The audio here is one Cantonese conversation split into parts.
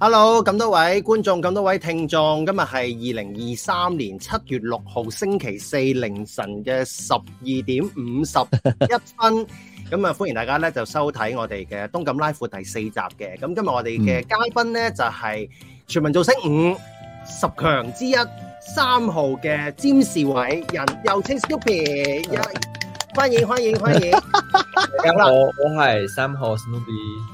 hello，咁多位觀眾，咁多位聽眾，今日係二零二三年七月六號星期四凌晨嘅十二點五十一分，咁啊歡迎大家咧就收睇我哋嘅《東感拉闊》第四集嘅。咁今日我哋嘅嘉賓咧就係全民造星五十強之一三號嘅詹仕偉，人又稱 Snoopy，歡迎歡迎歡迎。我，我，我係三號 Snoopy。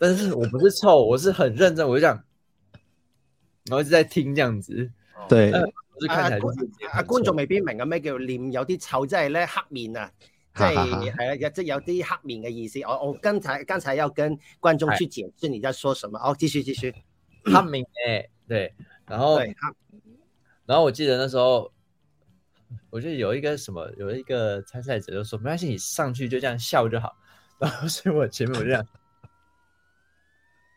但是我不是臭，我是很認真，我就這樣，然後一直在聽這樣子，對，呃、我就看起來就是。啊，觀眾未必明白咩叫面有啲臭，即係咧黑面啊，即係係啦，即有啲黑面嘅意思。我我剛才剛才要跟觀眾去解釋，你在說什麼？哦，oh, 繼續繼續，黑面誒，對，然後對，然後我記得那時候，我記得有一個什麼，有一個參賽者就說，沒關係，你上去就這樣笑就好。然 後所以我前面我就這樣。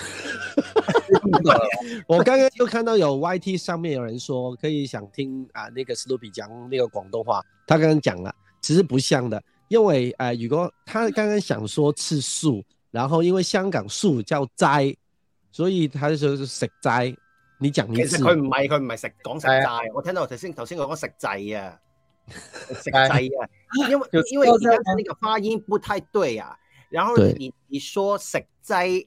我剛剛就看到有 YT 上面有人說可以想聽啊，那個 o p 比講那個廣東話。他剛剛講了，其實不像的，因為呃，如果他剛剛想說吃素，然後因為香港素叫齋，所以他就說是食齋。你講一次，其實他唔係，佢唔係食講食齋，哎、我聽到頭先頭先食濟呀，「食濟呀，因為因為你剛才那個發音不太對啊，然後你你說食齋。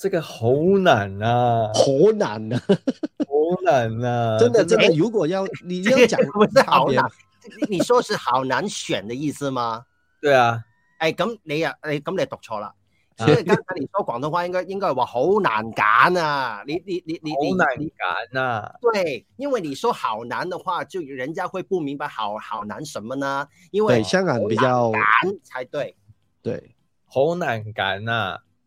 這個好難啊！好難啊！ 好難啊！ 真的，真的，這個、如果要、欸、你要講，不 是好難。 你你說是好難選的意思嗎？對啊。哎，咁你啊，你、哎、咁你讀錯啦。所以剛才你說廣東話應 應，應該應該係話好難揀啊！你你你你你。你，你，你，你好難揀啊！對，因為你說好難的話，就人家會不明白好好難什麼呢？因為對香港比較難，才對。對，好難揀啊！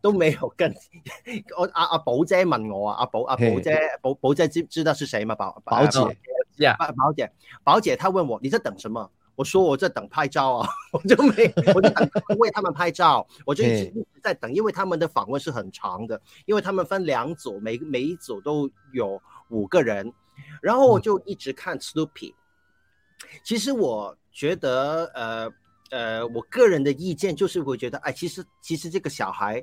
都沒有跟我啊啊，寶姐問我啊，啊，寶啊，寶姐寶寶姐知知道是誰嗎？寶、啊、寶、啊、姐，阿、hey. 寶姐，寶姐，她問我你在等什麼？ 我說我在等拍照啊，我就沒我就等 為他們拍照，我就一直在等，hey. 因為他們的訪問是很長的，因為他們分兩組，每每一組都有五個人，然後我就一直看 Snoopy。 其實我覺得，呃呃我個人的意見就是會覺得，哎，其實其實這個小孩。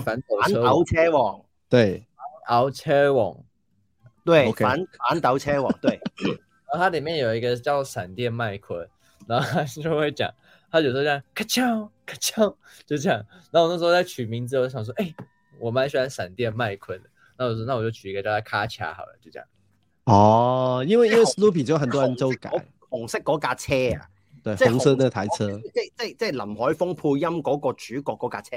反斗車，車王，對，啊、對反斗車王，對，反反斗車王，對。然後它裡面有一個叫閃電麥昆，然後佢就會講，佢有時候就咔嚓咔嚓，就這樣。然後我那時候在取名之後，想說，誒、欸，我蠻喜歡閃電麥昆，那我說那我就取一個叫咔嚓好了，就這樣。哦，因為因為 Snoopy 就很多人都改紅色嗰架車啊，對，紅色那台車，即即即林海峰配音嗰個主角嗰架車。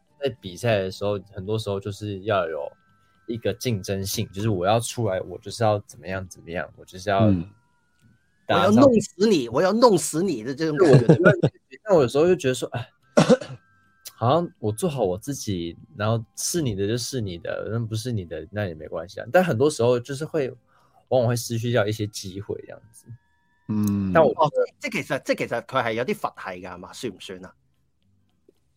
在比賽的時候，很多時候就是要有一個競爭性，就是我要出來，我就是要怎麼樣怎麼樣，我就是要，嗯，我要弄死你，我要弄死你的這種感覺。我覺 但我有時候就覺得說，哎，好像我做好我自己，然後是你的就是你的，那不是你的那也沒關係啊。但很多時候就是會，往往會失去掉一些機會這樣子。嗯，但我哦，即其實，即其實，佢係有啲佛係噶，係嘛？算唔算啊？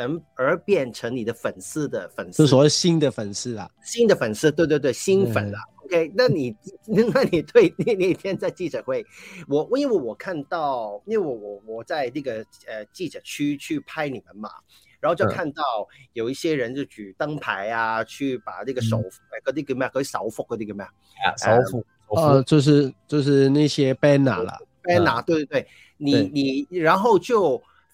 能而變成你的粉絲的粉絲，所謂新的粉絲啊，新的粉絲，對對對，新粉了、啊嗯。OK，那你那你對那一天在記者會，我因為我看到，因為我我我在那個呃記者區去拍你們嘛，然後就看到有一些人就舉燈牌啊、嗯，去把那個手，嗰啲叫咩？可以手幅嗰啲叫咩啊？手幅、嗯呃，就是就是那些 banner 了，banner，、嗯、對對對，你對你然後就。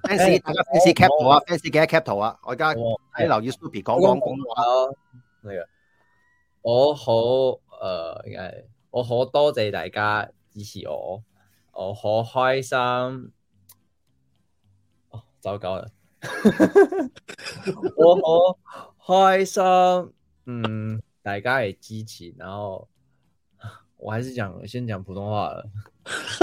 fans，大家 fans，cap 圖啊，fans 幾多 cap 圖啊？我而家喺留意 Snoopy 講講普通話。係我好誒，我好多謝大家支持我，我好開心。哦，走狗啦。 我好開心，嗯，大家嚟支持，然後，我還是講先講普通話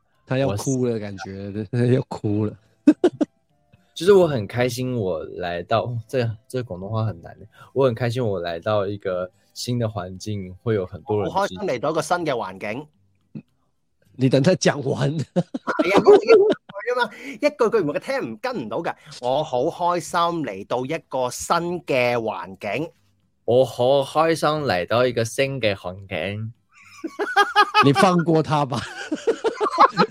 他要哭了，感覺 他要哭了。其實我很開心，我來到、哦、這這廣東話很難。我很開心，我來到一個新的環境，會有很多人。我好開心嚟到一個新嘅環境。 你等他講完，係 啊， 一句一句啊一句句唔聽唔跟唔到噶。我好開心嚟到一個新嘅環境。我好開心嚟到一個新嘅環境。你放過他吧。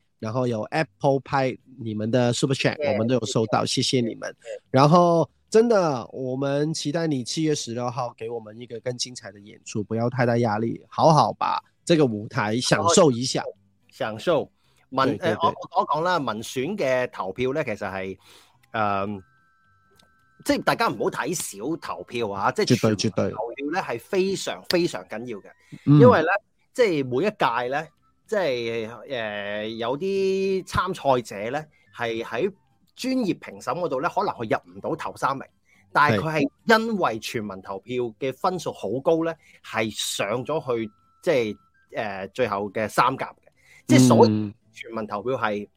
然後有 Apple Pie，你們的 Super Chat、yeah, 我們都有收到，yeah, 謝謝你們。Yeah, yeah, yeah. 然後真的，我們期待你七月十六號給我們一個更精彩的演出，不要太大壓力，好好把這個舞台享受一下，享受，享受。民誒、呃，我我講啦，民選嘅投票咧，其實係誒、呃，即係大家唔好睇少投票啊，即係絕對絕對，投票咧係非常非常緊要嘅、嗯，因為咧即係每一屆咧。即係誒、呃、有啲參賽者咧，係喺專業評審嗰度咧，可能佢入唔到頭三名，但係佢係因為全民投票嘅分數好高咧，係上咗去即係誒、呃、最後嘅三甲嘅，即係所以全民投票係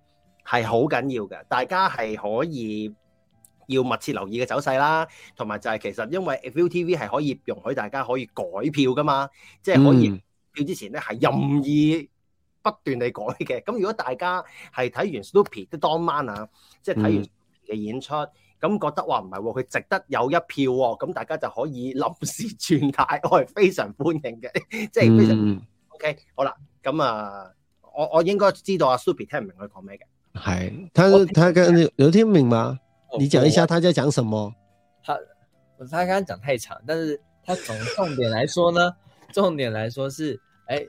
係好緊要嘅。大家係可以要密切留意嘅走勢啦，同埋就係其實因為 ViuTV 係可以容許大家可以改票㗎嘛，即係可以改票之前咧係、嗯、任意。不斷地改嘅，咁如果大家係睇完 Snoopy 當晚啊，即係睇完嘅、嗯、演出，咁覺得話唔係喎，佢值得有一票喎，咁大家就可以臨時轉態，我係非常歡迎嘅，即係非常、嗯、OK 好。好啦，咁啊，我我應該知道啊，Snoopy 聽唔明佢講咩嘅。係，他他佢有聽唔明嗎？你講一下，他在講什麼？他他剛，剛講太長，但是他從重點來說呢？ 重點來說是，哎、欸。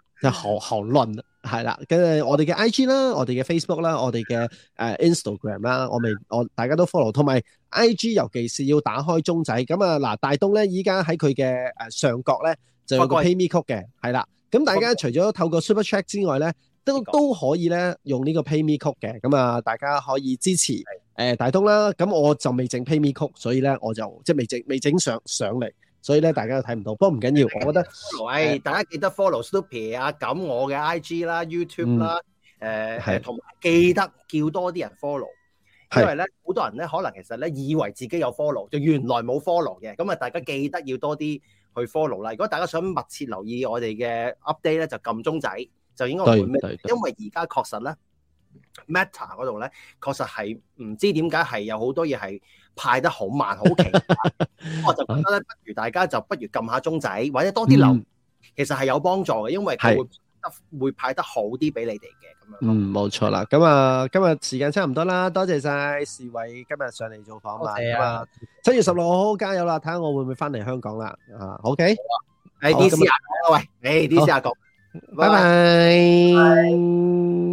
就學學論係啦，跟住我哋嘅 I G 啦，我哋嘅 Facebook 啦，我哋嘅誒 Instagram 啦，我咪我大家都 follow，同埋 I G 尤其是要打開鐘仔咁啊嗱，大東咧依家喺佢嘅誒上角咧就有個 PayMe Code 嘅係啦，咁大家除咗透過 Super Chat 之外咧，都都可以咧用呢個 PayMe Code 嘅，咁啊大家可以支持誒、呃、大東啦，咁我就未整 PayMe Code，所以咧我就即係未整未整上上嚟。所以咧，大家都睇唔到。不過唔緊要，我覺得、哎，大家記得 follow Snoopy 啊，咁、嗯、我嘅 IG 啦、YouTube 啦，誒，同、呃、埋記得叫多啲人 follow。因為咧，好多人咧，可能其實咧，以為自己有 follow，就原來冇 follow 嘅。咁啊，大家記得要多啲去 follow 啦。如果大家想密切留意我哋嘅 update 咧，就撳鐘仔，就應該會對對對，因為而家確實咧，Meta 嗰度咧，確實係唔知點解係有好多嘢係。派得好慢，好奇，咁我就覺得咧，不如大家就不如撳下鐘仔，或者多啲留，其實係有幫助嘅，因為佢會派得會派得好啲俾你哋嘅，咁樣。嗯，冇錯啦，咁啊，今日時間差唔多啦，多謝晒仕偉今日上嚟做訪問啊！七月十六號，好加油啦，睇下我會唔會翻嚟香港啦，吓，OK，係 D C 阿局，喂，誒，D C 阿局，拜拜。